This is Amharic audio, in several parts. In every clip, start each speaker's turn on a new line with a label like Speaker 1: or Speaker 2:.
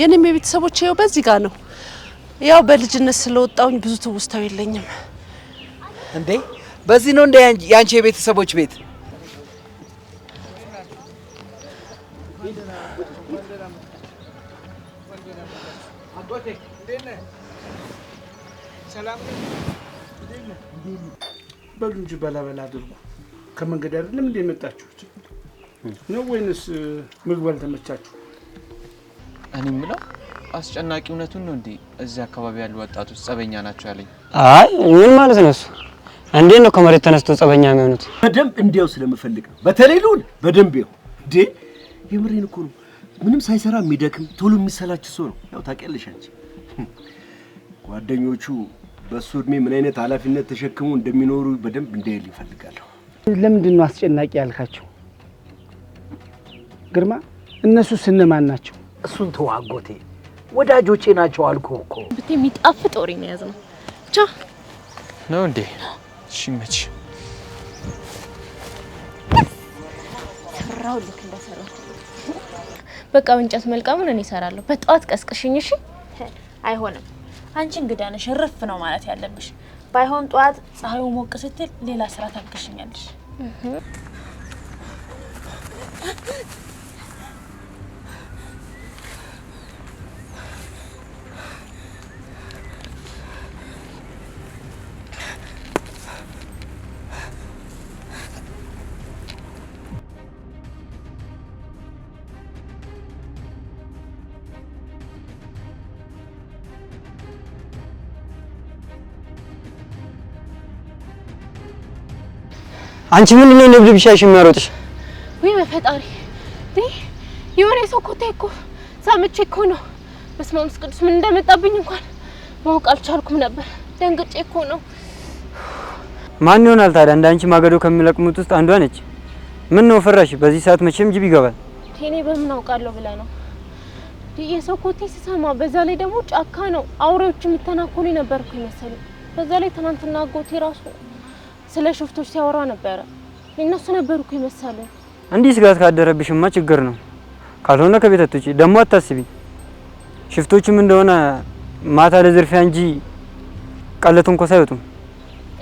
Speaker 1: የኔም የቤተሰቦች ይኸው በዚህ ጋር ነው። ያው በልጅነት ስለወጣውኝ ብዙ ትውስታው የለኝም።
Speaker 2: እንዴ በዚህ ነው እንደ ያንቺ የቤተሰቦች ቤት?
Speaker 3: በሉ እንጂ በላበላ አድርጉ። ከመንገድ አይደለም እንደ የመጣችሁት ነው ወይንስ ምግብ አልተመቻችሁ?
Speaker 2: እኔ የምለው አስጨናቂ እውነቱን ነው እንዴ? እዚህ አካባቢ ያሉ ወጣቶች ጸበኛ ናቸው ያለኝ።
Speaker 4: አይ ምን ማለት ነው እሱ? እንዴት ነው ከመሬት ተነስቶ ጸበኛ የሚሆኑት?
Speaker 3: በደንብ እንዲያው ስለምፈልግ ነው። በተለይ ልሁን በደንብ ይው እንዴ፣ የምሬን እኮ ነው። ምንም ሳይሰራ የሚደክም ቶሎ የሚሰላች ሰው ነው። ያው ታውቂያለሽ አንቺ hm። ጓደኞቹ በእሱ እድሜ ምን አይነት ኃላፊነት ተሸክሞ እንደሚኖሩ በደንብ እንዲያይል ይፈልጋለሁ።
Speaker 4: ለምንድን ነው አስጨናቂ ያልካቸው ግርማ? እነሱ ስነማን ናቸው?
Speaker 3: እሱን ተው አጎቴ፣ ወዳጆቼ ናቸው አልኩህ እኮ።
Speaker 1: ብቴ የሚጣፍጥ ወሬ ነው የያዝነው። ብቻ
Speaker 2: ነው እንዴ? እሺ መች
Speaker 1: ሰራው ልክ እንደሰራው በቃ እንጨት መልቀሙን እኔ እሰራለሁ። በጠዋት ቀስቅሽኝ። እሺ
Speaker 5: አይሆንም። አንቺ እንግዳ ነሽ፣ እርፍ ነው ማለት ያለብሽ። ባይሆን ጠዋት ፀሐዩ ሞቅ ስትል ሌላ ስራ ታግሽኛለሽ።
Speaker 4: አንቺ ምን ነው ንብድ ብቻሽ የሚያሮጥሽ?
Speaker 1: ወይ በፈጣሪ የሆነ ሰው ኮቴ እኮ ሳምቼ እኮ ነው። በስመ አብ ቅዱስ ምን እንደመጣብኝ እንኳን ማወቅ አልቻልኩም ነበር። ደንግጬ እኮ ነው።
Speaker 4: ማን ይሆናል ታዲያ? እንደ አንቺ ማገዶ ከሚለቅሙት ውስጥ አንዷ ነች። ምን ነው ፈራሽ? በዚህ ሰዓት መቼም ጅብ ይገባል።
Speaker 1: እኔ በምን አውቃለሁ ብላ ነው የሰው ኮቴ ስሰማ። በዛ ላይ ደግሞ ጫካ ነው፣ አውሬዎች የሚተናኮሉ ነበርኩ ይመስል። በዛ ላይ ትናንትና አጎቴ ራሱ ስለ ሽፍቶች ሲያወራ ነበረ። እነሱ ነበሩ እኮ ይመሳለ።
Speaker 4: እንዲህ ስጋት ካደረብሽማ ችግር ነው። ካልሆነ ከቤት አትውጪ። ደግሞ አታስቢ፣ ሽፍቶችም እንደሆነ ማታ ለዝርፊያ እንጂ ቀለቱን እኮ ሳይወጡም።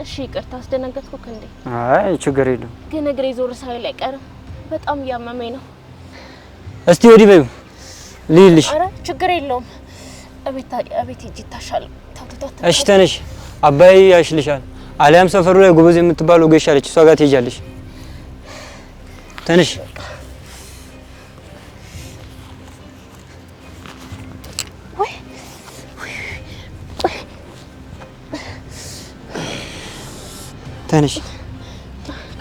Speaker 1: እሺ ይቅርታ አስደነገጥኩ እንዴ?
Speaker 4: አይ ችግር የለም።
Speaker 1: ግን እግሬ ዞር ሳይል አይቀርም። በጣም እያመመኝ ነው።
Speaker 4: እስቲ ወዲህ በይው ልይልሽ።
Speaker 1: አረ ችግር የለውም። አቤት አቤት፣ ሂጂ ይታሻል።
Speaker 4: እሺ ተነሽ፣ አባይ ያሽልሻል። አሊያም ሰፈሩ ላይ ጎበዝ የምትባለው ገሽ አለች፣ እሷ ጋር ትሄጃለሽ። ትንሽ ትንሽ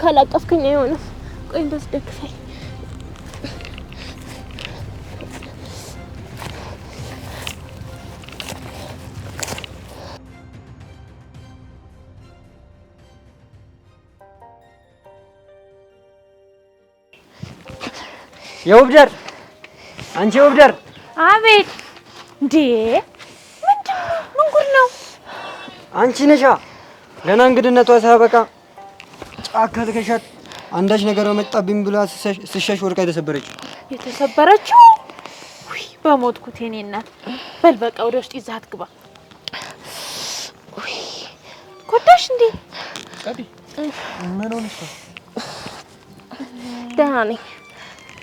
Speaker 1: ካላቀፍከኝ አይሆንም። ቆይ እንደዚህ ደግፈኝ
Speaker 4: የውብደር አንቺ የውብደር
Speaker 1: አቤት። እንዴ ምንድን ምን ጉድ ነው?
Speaker 4: አንቺ ነሻ ገና እንግድነቷ ሳበቃ ጫካ ልከሻት አንዳች ነገር በመጣብኝ ብላ ስሸሽ ወድቃ የተሰበረችው
Speaker 1: የተሰበረችው በሞትኩት የኔ እናት። በል በቃ ወደ ውስጥ ይዛት ግባ። ጎዳሽ እንዴ? ምን ሆነሽ? ደህና ነኝ።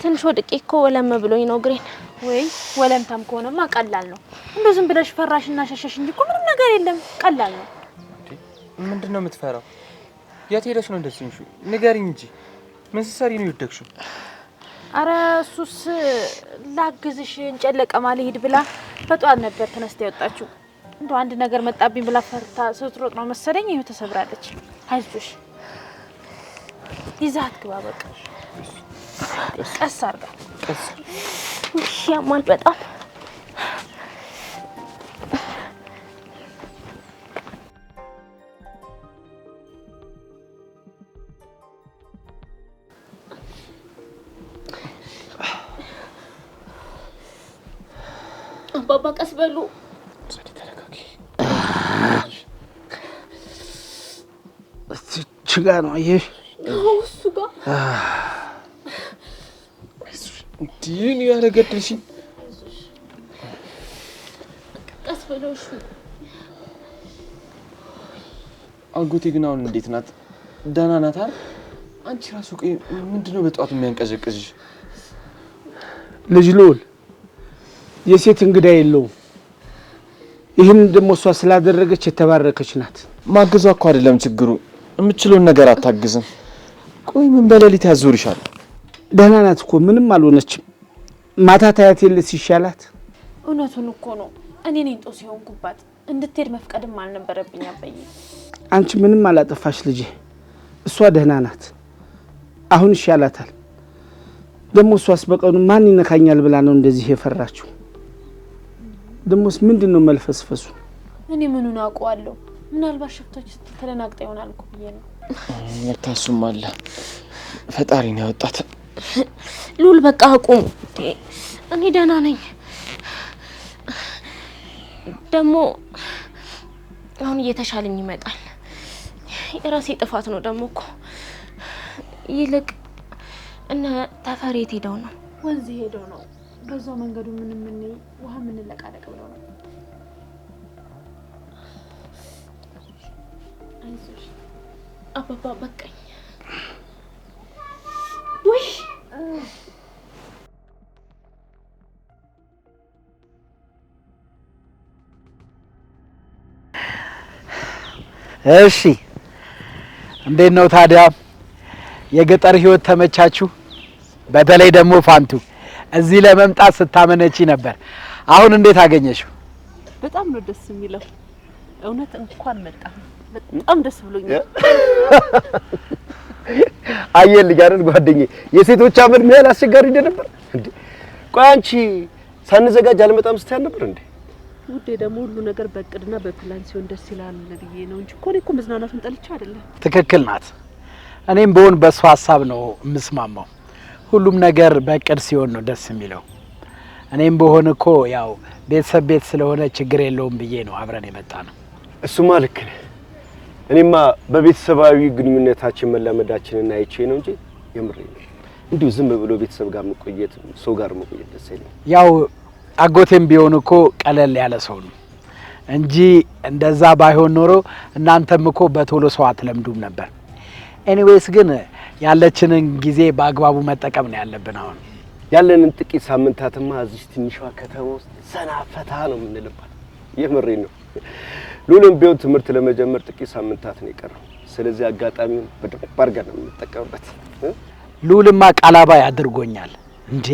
Speaker 1: ትንሽ ወድቄ እኮ ወለም ብሎኝ ነው እግሬን። ወይ ወለምታም ከሆነማ ቀላል ነው። እንደው ዝም ብለሽ ፈራሽና ሸሸሽ እንጂ እኮ ምንም ነገር የለም። ቀላል ነው።
Speaker 2: ምንድን ነው የምትፈራው? የት ሄደሽ ነው እንደዚህ? እንሹ ንገሪኝ እንጂ ምን ስትሰሪ ነው የወደቅሽው?
Speaker 1: አረ እሱስ ላግዝሽ እንጨት ለቀማ ልሂድ ብላ በጠዋት ነበር ተነስታ የወጣችው። እንደው አንድ ነገር መጣብኝ ብላ ፈርታ ስትሮጥ ነው መሰለኝ ይኸው ተሰብራለች። አይዞሽ ይዛት ግባ በቃ ቀስ አድርጋ ያማል በጣም አባባ ቀስ በሉ
Speaker 4: እዚች ጋ ነው ይሄ እሱ ጋ እንዲህን ያረገድልሽኝ
Speaker 1: ቀስ ብለው።
Speaker 2: አጎቴ ግን አሁን እንዴት ናት? ደህና ናት አይደል? አንቺ ራሱ ቆይ ምንድነው ነው በጠዋት የሚያንቀዘቅዝሽ?
Speaker 3: ልጅ ልውል የሴት እንግዳ የለውም። ይህን ደግሞ እሷ ስላደረገች የተባረከች ናት።
Speaker 2: ማገዟ እኮ አይደለም ችግሩ፣ የምችለውን ነገር አታግዝም። ቆይ ምን በሌሊት ያዞርሻል?
Speaker 3: ደህና ናት እኮ ምንም አልሆነችም። ማታ ታያት የለ ሲሻላት።
Speaker 1: እውነቱን እኮ ነው። እኔ ነኝ ጦስ የሆንኩባት። እንድትሄድ መፍቀድም አልነበረብኝ አባዬ።
Speaker 3: አንቺ ምንም አላጠፋሽ ልጄ፣ እሷ ደህና ናት። አሁን ይሻላታል። ደግሞ እሷስ በቀኑ ማን ይነካኛል ብላ ነው እንደዚህ የፈራችው። ደሞስ ምንድን ነው መልፈስፈሱ?
Speaker 1: እኔ ምኑን አውቀዋለሁ። ምናልባት ሽፍቶች ስትተደናግጠ ይሆናል እኮ ብዬ ነው።
Speaker 2: መታሱም አለ ፈጣሪ ነው ያወጣት።
Speaker 1: ሉል በቃ አቁም። እኔ ደህና ነኝ። ደግሞ አሁን እየተሻለኝ ይመጣል። የራሴ ጥፋት ነው ደግሞ እኮ ይልቅ እነ ተፈሪ የት ሄደው ነው?
Speaker 5: ወንዝ ሄደው ነው። በዛ መንገዱ ምን ምን ውሃ የምንለቃለቅ ብለው ነው።
Speaker 1: አይዞሽ አባባ በቃኝ። እሺ
Speaker 3: እንዴት ነው ታዲያ የገጠር ህይወት ተመቻችሁ? በተለይ ደግሞ ፋንቱ እዚህ ለመምጣት ስታመነች ነበር። አሁን እንዴት አገኘሽው?
Speaker 1: በጣም ነው ደስ የሚለው። እውነት እንኳን መጣ። በጣም ደስ ብሎኛል።
Speaker 3: አየልኝ አይደል ጓደኛዬ፣ የሴቶች አመድ ምን ያህል አስቸጋሪ እንደነበር እንዴ! ቆይ አንቺ ሳንዘጋጅ አልመጣም ስትያል ነበር እንዴ?
Speaker 5: ውዴ ደግሞ ሁሉ ነገር በእቅድና በፕላን ሲሆን ደስ ይላል ብዬ ነው እንጂ እኮ እኔ እኮ መዝናናቱን ጠልቼ አይደለም።
Speaker 3: ትክክል ናት። እኔም በሆን በእሱ ሀሳብ ነው የምስማማው። ሁሉም ነገር በእቅድ ሲሆን ነው ደስ የሚለው። እኔም በሆን እኮ ያው ቤተሰብ ቤት ስለሆነ ችግር የለውም ብዬ ነው አብረን የመጣ ነው።
Speaker 2: እሱማ ልክ ነህ። እኔማ በቤተሰባዊ ግንኙነታችን መላመዳችንን አይቼ ነው እንጂ የምሬ ነው። እንዲሁ ዝም ብሎ ቤተሰብ ጋር መቆየት ሰው ጋር መቆየት ደስ አይለኝም።
Speaker 3: ያው አጎቴም ቢሆን እኮ ቀለል ያለ ሰው ነው እንጂ እንደዛ ባይሆን ኖሮ እናንተም እኮ በቶሎ ሰው አትለምዱም ነበር። ኤኒዌይስ ግን ያለችንን ጊዜ በአግባቡ መጠቀም ነው ያለብን። አሁን
Speaker 2: ያለንን ጥቂት ሳምንታትማ እዚህ ትንሿ ከተማ ውስጥ ሰናፈታ ፈታ ነው የምንልባት። የምሬ ነው። ሉንም ቢሆን ትምህርት ለመጀመር ጥቂት ሳምንታት ነው የቀረው። ስለዚህ አጋጣሚውን በደንብ አድርገን ነው የምንጠቀምበት።
Speaker 3: ሉልማ ቃላባይ አድርጎኛል። እንዴ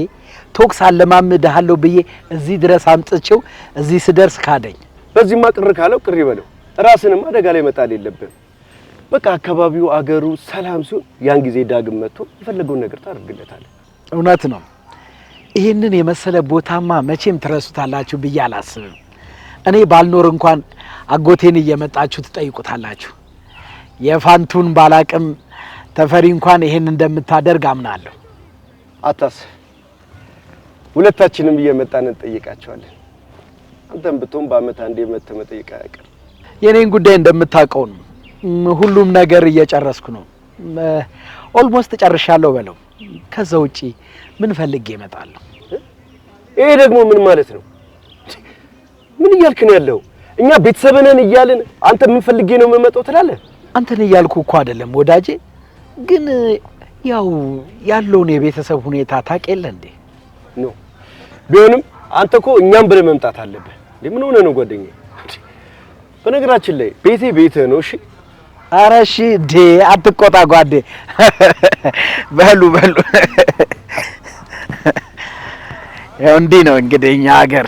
Speaker 3: ቶክስ አለማምድሃለሁ ብዬ እዚህ ድረስ አምጥቼው እዚህ ስደርስ ካደኝ።
Speaker 2: በዚህማ ቅር ካለው ቅር ይበለው። ራስንም አደጋ ላይ መጣል የለብን። በቃ አካባቢው አገሩ ሰላም ሲሆን ያን ጊዜ ዳግም መጥቶ የፈለገውን ነገር ታደርግለታለህ።
Speaker 3: እውነት ነው። ይህንን የመሰለ ቦታማ መቼም ትረሱታላችሁ ብዬ አላስብም። እኔ ባልኖር እንኳን አጎቴን እየመጣችሁ ትጠይቁታላችሁ። የፋንቱን ባላቅም ተፈሪ እንኳን ይሄን እንደምታደርግ አምናለሁ።
Speaker 2: አታስ ሁለታችንም እየመጣን እንጠይቃቸዋለን። አንተም ብትሆን በአመት አንዴ መጥተህ መጠየቅ አያውቅም።
Speaker 3: የኔን ጉዳይ እንደምታውቀው ነው። ሁሉም ነገር እየጨረስኩ ነው። ኦልሞስት ጨርሻለሁ በለው። ከዛ ውጪ ምን ፈልጌ እመጣለሁ?
Speaker 2: ይሄ ደግሞ ምን ማለት ነው? ምን እያልክ ነው ያለው? እኛ ቤተሰብነን እያልን አንተ ምን ፈልጌ ነው የምመጣው ትላለህ?
Speaker 3: አንተን እያልኩ እኮ አይደለም ወዳጄ፣ ግን ያው ያለውን የቤተሰብ ሁኔታ ታቅ የለ እንዴ?
Speaker 2: ኖ ቢሆንም አንተ እኮ እኛም ብለህ መምጣት አለብህ። እንዴ ምን ሆነ ነው ጓደኛዬ? በነገራችን ላይ ቤቴ ቤትህ ነው። እሺ
Speaker 3: ኧረ እሺ። እንዴ አትቆጣ ጓዴ። በሉ በሉ ያው እንዲህ ነው እንግዲህ እኛ ሀገር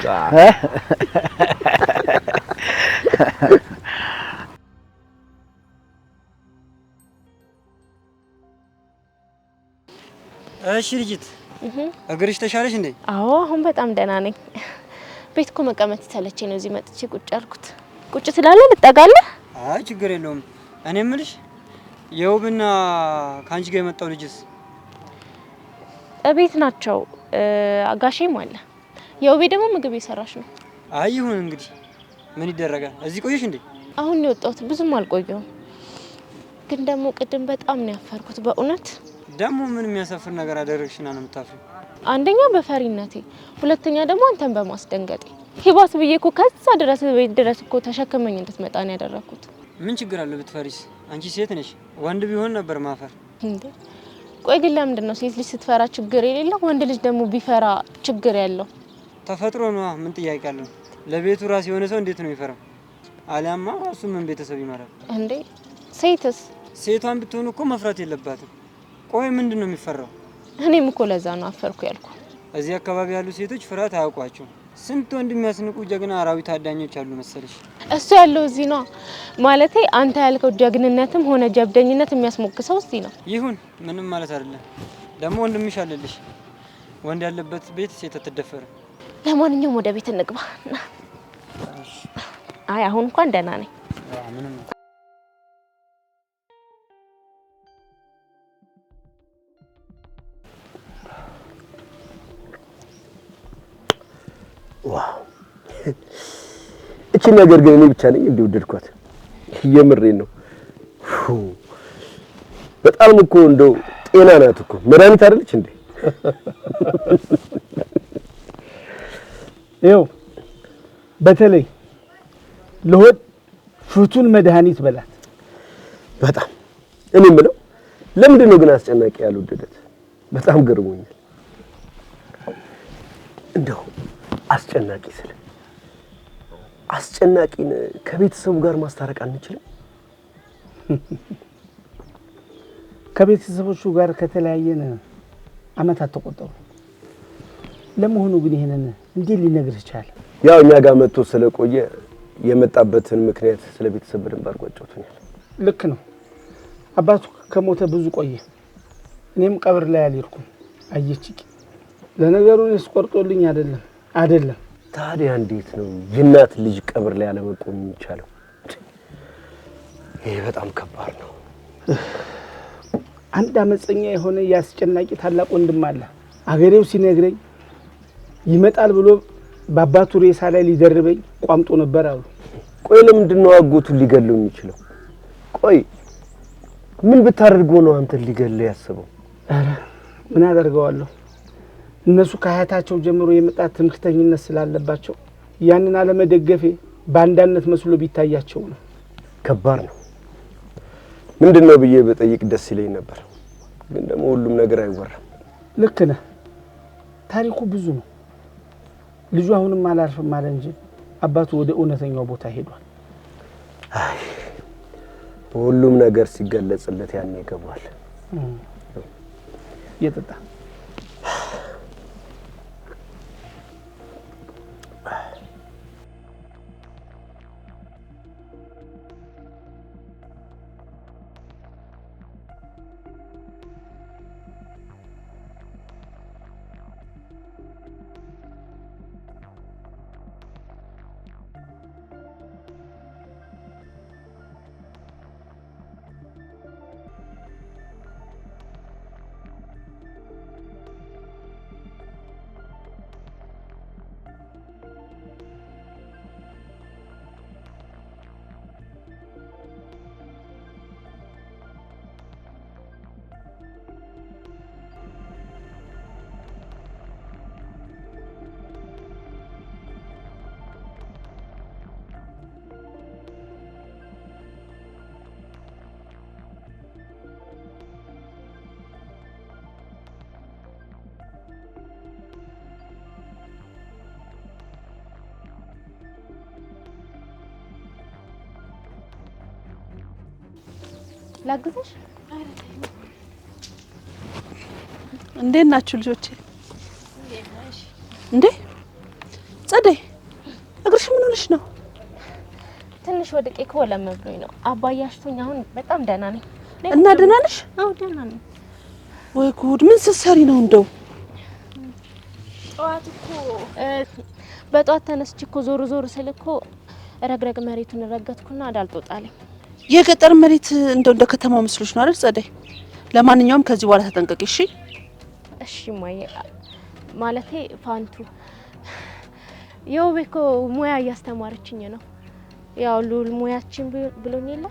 Speaker 2: እሺ ልጅት፣ እግርሽ ተሻለሽ እንዴ?
Speaker 1: አዎ አሁን በጣም ደህና ነኝ። ቤት እኮ መቀመጥ ተለቼ ነው እዚህ መጥቼ ቁጭ አልኩት። ቁጭ ትላለ ልጠጋለህ?
Speaker 2: አይ ችግር የለውም። እኔ የምልሽ የውብና ከአንቺ ጋር የመጣው ልጅስ
Speaker 1: እቤት ናቸው? ጋሼም አለ። የውቤ ደግሞ ምግብ የሰራች ነው
Speaker 2: አይ ይሁን እንግዲህ ምን ይደረጋል። እዚህ ቆየሽ እንዴ?
Speaker 1: አሁን ነው የወጣሁት፣ ብዙም አልቆየሁም። ግን ደግሞ ቅድም በጣም ነው ያፈርኩት በእውነት።
Speaker 2: ደግሞ ምን የሚያሳፍር ነገር አደረግሽና ነው የምታፍሪው?
Speaker 1: አንደኛ በፈሪነቴ፣ ሁለተኛ ደግሞ አንተን በማስደንገጤ። ሂባስ ብዬ እኮ ከዛ ድረስ ቤት ድረስ እኮ ተሸክመኝ እንድትመጣ ነው ያደረግኩት።
Speaker 2: ምን ችግር አለ ብትፈሪስ? አንቺ ሴት ነሽ፣ ወንድ ቢሆን ነበር ማፈር
Speaker 1: እንዴ። ቆይ ግን ለምንድን ነው ሴት ልጅ ስትፈራ ችግር የሌለው ወንድ ልጅ ደግሞ ቢፈራ ችግር ያለው?
Speaker 2: ተፈጥሮ ነዋ። ምን ጥያቄ አለው? ለቤቱ ራስ የሆነ ሰው እንዴት ነው ይፈራው? አሊያማ ራሱ ምን ቤተሰብ ይመራል
Speaker 1: እንዴ? ሴትስ
Speaker 2: ሴቷን ብትሆን እኮ መፍራት የለባትም። ቆይ ምንድን ነው የሚፈራው?
Speaker 1: እኔም እኮ ለዛ ነው አፈርኩ ያልኩ።
Speaker 2: እዚህ አካባቢ ያሉ ሴቶች ፍርሃት አያውቋቸው። ስንት ወንድ የሚያስንቁ ጀግና አራዊት አዳኞች አሉ መሰለሽ።
Speaker 1: እሱ ያለው እዚህ ነው ማለት አንተ ያልከው ጀግንነትም ሆነ ጀብደኝነት የሚያስሞግሰው እዚህ ነው።
Speaker 2: ይሁን ምንም ማለት አይደለም። ደግሞ ወንድምሽ አለልሽ። ወንድ ያለበት ቤት ሴት አትደፈርም።
Speaker 1: ለማንኛውም ወደ ቤት እንግባ። አይ አሁን እንኳን ደህና ነኝ።
Speaker 3: እቺ ነገር ግን እኔ ብቻ ነኝ እንዲወደድኳት የምሬን ነው። በጣም እኮ እንደው ጤና ናት እኮ መድኃኒት አይደለች እንዴ? ይኸው በተለይ ለሆድ ፍቱን መድኃኒት በላት።
Speaker 2: በጣም እኔ የምለው ለምንድን ነው ግን አስጨናቂ ያልወደደት? በጣም ገርሞኛል። እንደው አስጨናቂ ስለ አስጨናቂን ከቤተሰቡ ጋር ማስታረቅ አንችልም?
Speaker 3: ከቤተሰቦቹ ጋር ከተለያየን አመታት ተቆጠሩ። ለመሆኑ ግን ይሄንን እንዴት ሊነግርህ ቻለ?
Speaker 2: ያው እኛ ጋር መጥቶ ስለቆየ የመጣበትን ምክንያት ስለ ቤተሰብ በደንብ አድርጎ አጫውቶኛል።
Speaker 3: ልክ ነው። አባቱ ከሞተ ብዙ ቆየ። እኔም ቀብር ላይ አልሄድኩም። አየችቂ ለነገሩ ስቆርጦልኝ አይደለም አይደለም።
Speaker 2: ታዲያ እንዴት ነው የእናት ልጅ ቀብር ላይ አለመቆም የሚቻለው? ይሄ በጣም ከባድ ነው።
Speaker 3: አንድ አመፀኛ የሆነ የአስጨናቂ ታላቅ ወንድም አለ። አገሬው ሲነግረኝ ይመጣል ብሎ በአባቱ ሬሳ ላይ ሊደርበኝ ቋምጦ ነበር አሉ።
Speaker 2: ቆይ ለምንድን ነው አጎቱን ሊገለው የሚችለው? ቆይ ምን ብታደርገው ነው አንተን ሊገለው ያስበው?
Speaker 3: ኧረ ምን አደርገዋለሁ? እነሱ ከአያታቸው ጀምሮ የመጣ ትምክተኝነት ስላለባቸው ያንን አለመደገፌ በአንዳነት መስሎ ቢታያቸው ነው።
Speaker 2: ከባድ ነው። ምንድን ነው ብዬ በጠይቅ ደስ ይለኝ ነበር፣ ግን ደግሞ ሁሉም ነገር አይወራም።
Speaker 3: ልክ ነህ። ታሪኩ ብዙ ነው። ልጁ አሁንም አላርፍም አለ እንጂ አባቱ ወደ እውነተኛው ቦታ ሄዷል።
Speaker 2: ሁሉም ነገር ሲገለጽለት ያኔ ይገባል።
Speaker 3: የጠጣ
Speaker 1: ላግዘሽ። እንዴት ናችሁ ልጆቼ? እንዴ ጸደይ፣ እግርሽ ምን ሆነሽ ነው? ትንሽ ወድቄ ከወለም ብሎኝ ነው አባዬ አሁን በጣም ደህና ነኝ። እና ደህና ነሽ? አዎ ደህና ነኝ። ወይ ጉድ! ምን ስትሰሪ ነው? እንደው ጠዋት እኮ በጠዋት ተነስቼ እኮ ዞር ዞር ስል እኮ ረግረግ መሬቱን ረገጥኩና አዳልጦ ጣለኝ። የገጠር መሬት እንደው እንደ ከተማው መስሎሽ ነው አይደል ጸደይ? ለማንኛውም ከዚህ በኋላ ተጠንቀቂ እሺ። እሺ ማየ ማለቴ ፋንቱ የውቤ እኮ ሙያ እያስተማረችኝ ነው። ያው ሉል ሙያችን ብሎኝ የለ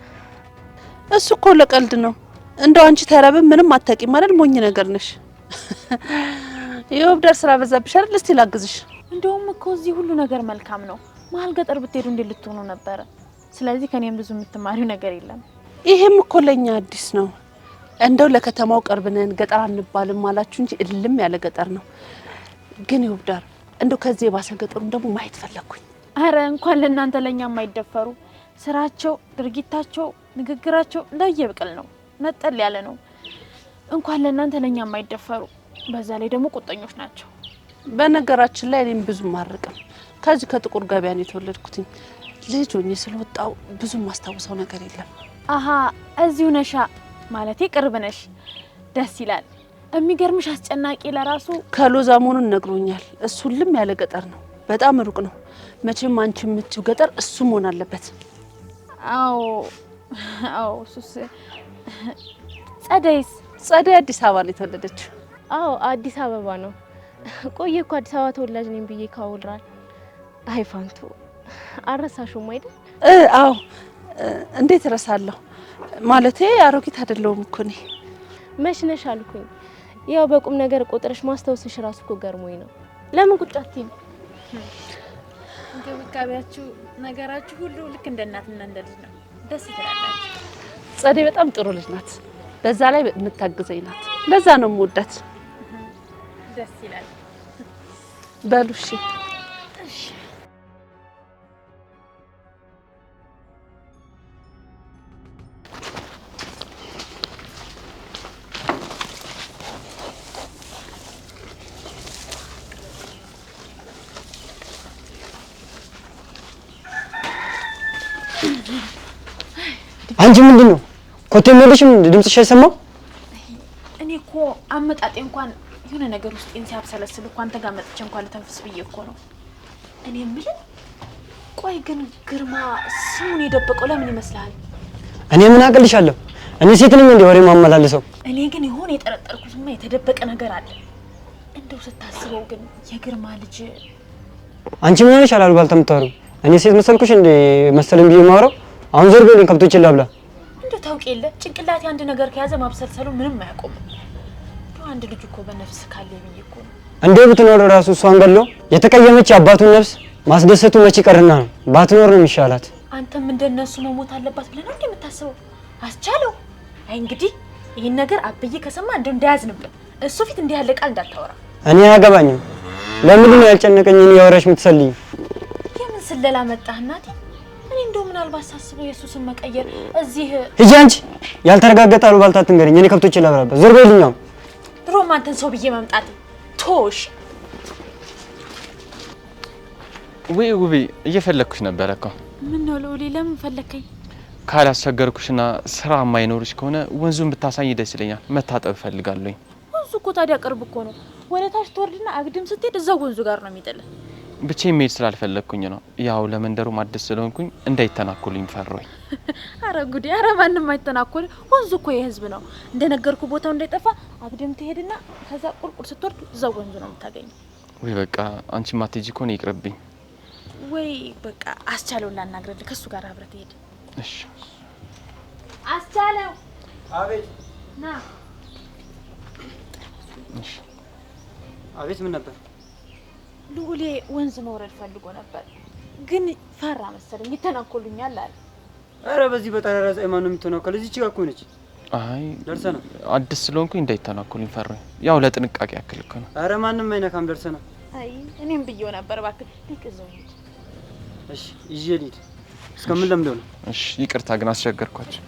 Speaker 1: እሱ እኮ ለቀልድ ነው። እንደው አንቺ ተረብም ምንም አታውቂም አይደል? ሞኝ ነገር ነሽ። የውብ ዳር ስራ በዛብሽ አይደል? እስቲ ላግዝሽ። እንደውም እኮ እዚህ ሁሉ ነገር መልካም ነው። መሀል ገጠር ብትሄዱ እንዴት ልትሆኑ ነበረ? ስለዚህ ከኔም ብዙ የምትማሪው ነገር የለም። ይሄም እኮ ለእኛ አዲስ ነው። እንደው ለከተማው ቀርብነን ገጠር አንባልም አላችሁ እንጂ እልም ያለ ገጠር ነው። ግን ይውብዳር እንደው ከዚህ የባሰ ገጠሩን ደግሞ ማየት ፈለግኩኝ። አረ እንኳን ለእናንተ ለእኛ የማይደፈሩ ስራቸው፣ ድርጊታቸው፣ ንግግራቸው እንዳየ ነው። ነጠል ያለ ነው። እንኳን ለእናንተ ለእኛ የማይደፈሩ በዛ ላይ ደግሞ ቁጠኞች ናቸው። በነገራችን ላይ እኔም ብዙ ማርቅም ከዚህ ከጥቁር ገበያ ነው የተወለድኩትኝ። ልጅ ሆኜ ስለወጣው ብዙ ማስታውሰው ነገር የለም። አሀ እዚሁ ነሻ ማለቴ ቅርብ ነሽ። ደስ ይላል። የሚገርምሽ አስጨናቂ ለራሱ ከሎዛ መሆኑን ነግሮኛል። እሱ ልም ያለ ገጠር ነው፣ በጣም ሩቅ ነው። መቼም አንቺ የምትይው ገጠር እሱ መሆን አለበት። አዎ አዎ። እሱስ ጸደይስ? ጸደይ አዲስ አበባ ነው የተወለደችው። አዎ አዲስ አበባ ነው። ቆየ እኮ አዲስ አበባ ተወላጅ ነኝ ብዬ ካውልራል አይፋንቱ አረሳሽውም አይደል? አዎ። እንዴት እረሳለሁ? ማለቴ አሮጊት አይደለሁም እኮ እኔ። መች ነሽ አልኩኝ። ያው በቁም ነገር ቁጥርሽ ማስታወስሽ ራሱ እኮ ገርሞኝ ነው። ለምን ቁጭ አትይም? እንክብካቤያችሁ፣ ነገራችሁ ሁሉ ልክ እንደ እናትና እንደ ልጅ ነው። ደስ ጸደይ በጣም ጥሩ ልጅ ናት። በዛ ላይ የምታግዘኝ ናት። ለዛ ነው የምወዳት። ደስ ይላል። በሉ እሺ
Speaker 4: አንቺ ምንድን ነው ኮቴ ሞልሽም? ድምፅሽ አይሰማም።
Speaker 1: እኔ እኮ አመጣጤ እንኳን የሆነ ነገር ውስጤን ሲያብሰለስል እኮ አንተ ጋር መጥቼ እንኳን ልተንፍስ ብዬ እኮ ነው። እኔ የምልህ ቆይ ግን ግርማ ስሙን የደበቀው ለምን ይመስልሃል?
Speaker 4: እኔ ምን አቅልሻለሁ? እኔ ሴት ነኝ እንዴ ወሬ ማመላልሰው።
Speaker 1: እኔ ግን የሆነ የጠረጠርኩትማ የተደበቀ ነገር አለ። እንደው ስታስበው ግን የግርማ ልጅ
Speaker 4: አንቺ ምን ሆነሻል? አሉባልታ የምታወሪው እኔ ሴት መሰልኩሽ እንዴ? መሰልን ብዬ የማወራው አሁን ዞር በልኝ፣ ከብቶችን ላብላ።
Speaker 1: እንደው ታውቂ የለ ጭንቅላቴ አንድ ነገር ከያዘ ማብሰልሰሉ ምንም አያቆምም። አንድ ልጅ እኮ በነፍስ ካለ ብዬ እኮ
Speaker 4: እንዴ ብትኖር ራሱ እሷን ገሎ የተቀየመች አባቱን ነፍስ ማስደሰቱ መቼ ቀርና ነው። ባትኖር ነው የሚሻላት።
Speaker 1: አንተም እንደነሱ መሞት አለባት ብለህ ነው እንዴ የምታስበው? አስቻለው። አይ እንግዲህ ይህን ነገር አብዬ ከሰማ እንደው እንዳያዝንብን እሱ ፊት እንዲህ ያለ ቃል እንዳታወራ።
Speaker 4: እኔ አያገባኝም። ለምንድን ነው ያልጨነቀኝ? እኔ ያወራሽ የምትሰልኝ
Speaker 1: ስለላ መጣህ እናቴ። እኔ እንደው ምናልባት ሳስበው ኢየሱስን መቀየር እዚህ
Speaker 4: ሂጂ አንቺ። ያልተረጋገጠ አሉባልታ አትንገሪኝ። እኔ ከብቶች ላብራበት። ዞር በይልኛው።
Speaker 1: ድሮም አንተን ሰው ብዬ መምጣት ቶሽ
Speaker 2: ወይ ውቤ፣ እየፈለግኩሽ ነበረ እኮ።
Speaker 1: ምን ነው ልዑሌ፣ ለምን ፈለግከኝ?
Speaker 2: ካላስቸገርኩሽና ስራ የማይኖርሽ ከሆነ ወንዙን ብታሳይ ደስ ይለኛል። መታጠብ እፈልጋለሁኝ።
Speaker 1: ወንዙ እኮ ታዲያ ቅርብ እኮ ነው። ወደ ታች ትወርድና አግድም ስትሄድ እዛው ወንዙ ጋር ነው የሚጥልህ።
Speaker 2: ብቻ የሚሄድ ስላልፈለግኩኝ ነው። ያው ለመንደሩ ማደስ ስለሆንኩኝ እንዳይተናኮሉኝ ፈሮኝ።
Speaker 1: አረ ጉዴ! አረ ማንም አይተናኮል። ወንዙ እኮ የህዝብ ነው። እንደነገርኩ ቦታው እንዳይጠፋ አግድም ትሄድና ከዛ ቁልቁል ስትወርድ እዛው ወንዙ ነው የምታገኝ።
Speaker 2: ወይ በቃ አንቺ ማቴጂ ኮን ይቅርብኝ።
Speaker 1: ወይ በቃ አስቻለው ላናግረል፣ ከሱ ጋር አብረ ትሄድ። እሺ አስቻለው። አቤት። ና።
Speaker 2: እሺ አቤት። ምን ነበር
Speaker 1: ልዑሌ ወንዝ መውረድ ፈልጎ ነበር፣ ግን ፈራ መሰለኝ ይተናኮሉኛል አለ።
Speaker 2: አረ በዚህ በጠራራ ፀሐይ ማነው የሚተናኮል? እዚች ጋር እኮ ነች። አይ ደርሰና አዲስ ስለሆንኩኝ እንዳይተናኮሉኝ ፈራ። ያው ለጥንቃቄ ያክል እኮ ነው። አረ ማንም አይነካም። ደርሰና
Speaker 1: አይ እኔም ብየው ነበር። እባክህ ልክ እዛው ሂድ።
Speaker 2: እሺ ይዤ ልሂድ። እስከምን ለምደው ነው። እሺ ይቅርታ ግን አስቸገርኳቸው።